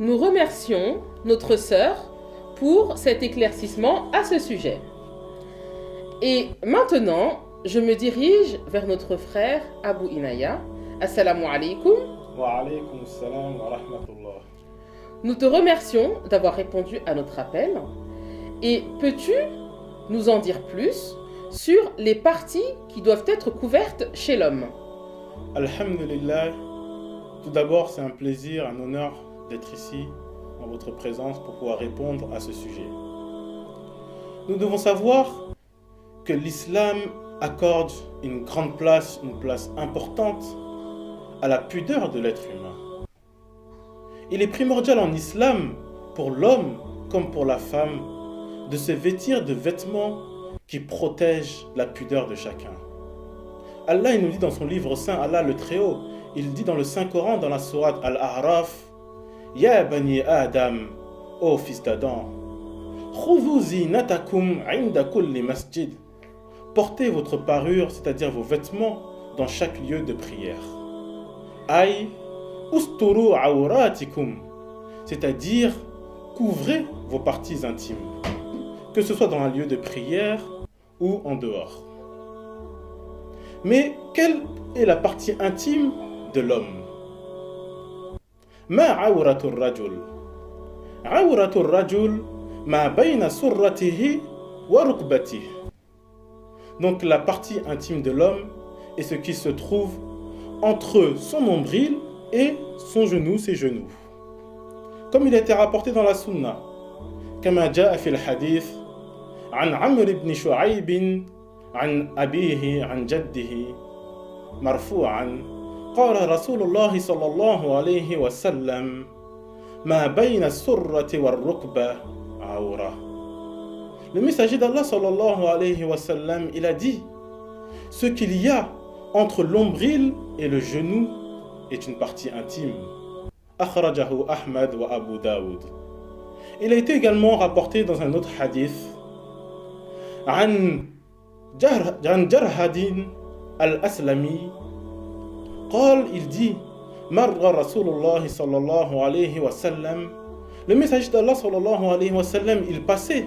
Nous remercions notre sœur pour cet éclaircissement à ce sujet. Et maintenant, je me dirige vers notre frère Abu Inaya. Assalamu alaikum. Wa alaikum salam wa rahmatullah. Nous te remercions d'avoir répondu à notre appel. Et peux-tu nous en dire plus sur les parties qui doivent être couvertes chez l'homme Alhamdulillah. Tout d'abord, c'est un plaisir, un honneur d'être ici en votre présence pour pouvoir répondre à ce sujet. Nous devons savoir que l'islam accorde une grande place, une place importante à la pudeur de l'être humain. Il est primordial en islam pour l'homme comme pour la femme de se vêtir de vêtements qui protègent la pudeur de chacun. Allah il nous dit dans son livre saint, Allah le Très-Haut, il dit dans le Saint-Coran, dans la sourate Al-A'raf, Ya Bani Adam, ô fils d'Adam, masjid. Portez votre parure, c'est-à-dire vos vêtements, dans chaque lieu de prière. Aï, usturu c'est-à-dire couvrez vos parties intimes, que ce soit dans un lieu de prière ou en dehors. Mais quelle est la partie intime de l'homme ما عورة الرجل؟ عورة الرجل ما بين سرته وركبته. Donc la partie intime de l'homme est ce qui se trouve entre son nombril et son genou, ses genoux. Comme il a été rapporté dans la Sunna, كما جاء في الحديث عن عمرو بن شعيب عن أبيه عن جده مرفوعا قال رسول الله صلى الله عليه وسلم ما بين السرة والركبة عورة Le messager d'Allah sallallahu alayhi wa sallam, il a dit Ce qu'il y a entre l'ombril et le genou est une partie intime. Akhrajahu Ahmad wa Abu Daoud. Il a été également rapporté dans un autre hadith عن جرهد الأسلمي قال il dit مر رسول الله صلى الله عليه وسلم le message d'Allah صلى الله عليه وسلم il passait